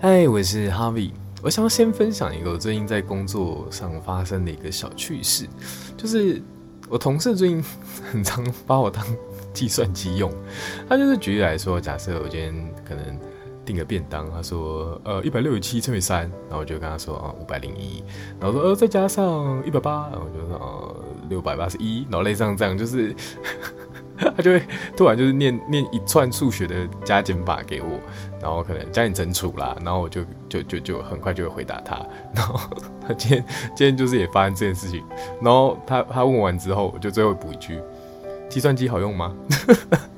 嗨，Hi，我是 Harvie。我想要先分享一個我最近在工作上發生的一個小趣事，就是我同事最近很常把我當計算機用。他就是舉例來說，假設我今天可能訂個便當，他說呃一百六十七乘以三，3，然後我就跟他說啊五百零一，呃、1，然後說呃再加上一百八，然後我就說啊六百八十一，呃、1，然後類似這樣，就是。 他就會突然就是念念一串數學的加減法給我，然後可能加減乘除啦，然後我就就就就很快就會回答他。然後他今天今天就是也發生這件事情，然後他他問完之後，我就最後補一句：計算機好用嗎？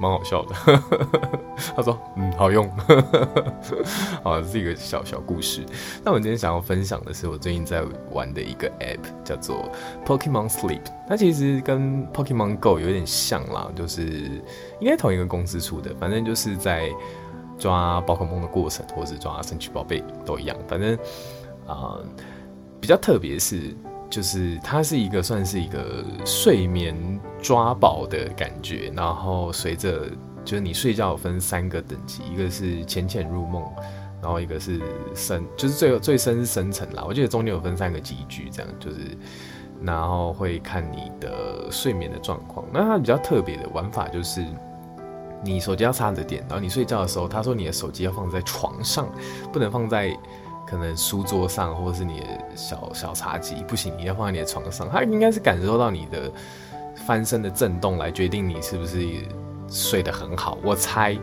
蠻好笑的， 他說：“嗯，好用。 好”呵呵呵。啊，這是一個小小故事。那我今天想要分享的是我最近在玩的一個 App，叫做《Pokemon Sleep》。它其實跟《Pokemon Go》有點像啦，就是應該同一個公司出的。反正就是在抓寶可夢的過程，或是抓神奇寶貝都一樣。反正啊、呃，比較特別是。就是它是一個算是一個睡眠抓寶的感覺，然後隨着就是你睡覺有分三個等級，一個是淺淺入夢，然後一個是深，就是最最深是深層啦。我覺得中間有分三個級距，這樣就是，然後會看你的睡眠的狀況。那它比較特別的玩法就是，你手機要插着電，然後你睡覺的時候，他說你的手機要放在床上，不能放在。可能書桌上，或者是你的小小茶幾，不行，你要放在你的床上。它應該是感受到你的翻身的震動來決定你是不是睡得很好。我猜，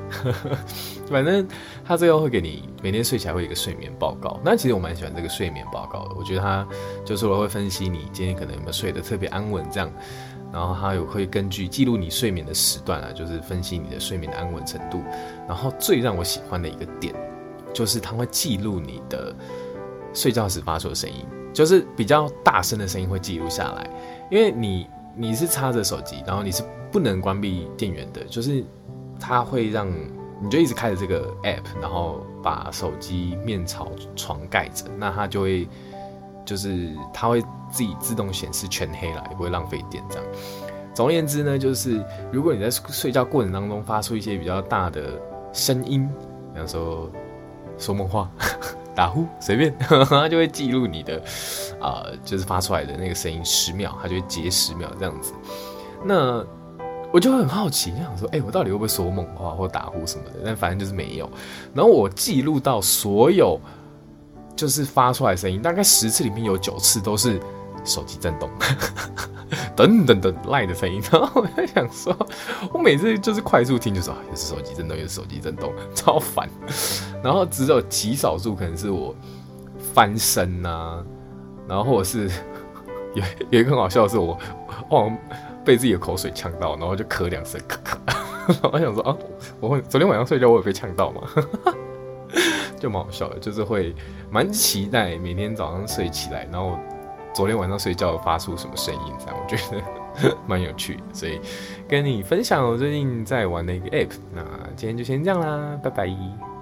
反正它最後會給你每天睡起來會有一個睡眠報告。那其實我蠻喜歡這個睡眠報告的，我覺得它就是我會分析你今天可能有沒有睡得特別安穩這樣。然後它有會根據記錄你睡眠的時段啊，就是分析你的睡眠的安穩程度。然後最讓我喜歡的一個點。就是它會記錄你的睡覺時發出的聲音，就是比較大聲的聲音會記錄下來，因為你你是插着手機，然後你是不能關閉電源的，就是它會讓你就一直開着這個 app，然後把手機面朝床蓋着，那它就會就是它會自己自動顯示全黑了，也不會浪費電這樣。總而言之呢，就是如果你在睡覺過程當中發出一些比較大的聲音，比方說。說夢話、打呼，隨便，它就會記錄你的，啊、呃，就是發出來的那個聲音十秒，它就會截十秒這樣子。那我就會很好奇，想，想說，哎、欸，我到底會不會說夢話或打呼什麼的？但反正就是沒有。然後我記錄到所有，就是發出來的聲音，大概十次裡面有九次都是。手機震動，等等等賴的聲音，然後我在想說，我每次就是快速聽，就是啊，又是手機震動，又是手機震動，超煩。然後只有極少數可能是我翻身吶、啊，然後或者是有有一個很好笑的是，我哦被自己的口水嗆到，然後就咳兩聲，咳咳。然後想說啊，我昨天晚上睡覺我也被嗆到嗎？就蠻好笑的，就是會蠻期待每天早上睡起來，然後。昨天晚上睡覺發出什麼聲音這樣，我覺得蠻有趣的，所以跟你分享我最近在玩的一個 App。那今天就先這樣啦，拜拜。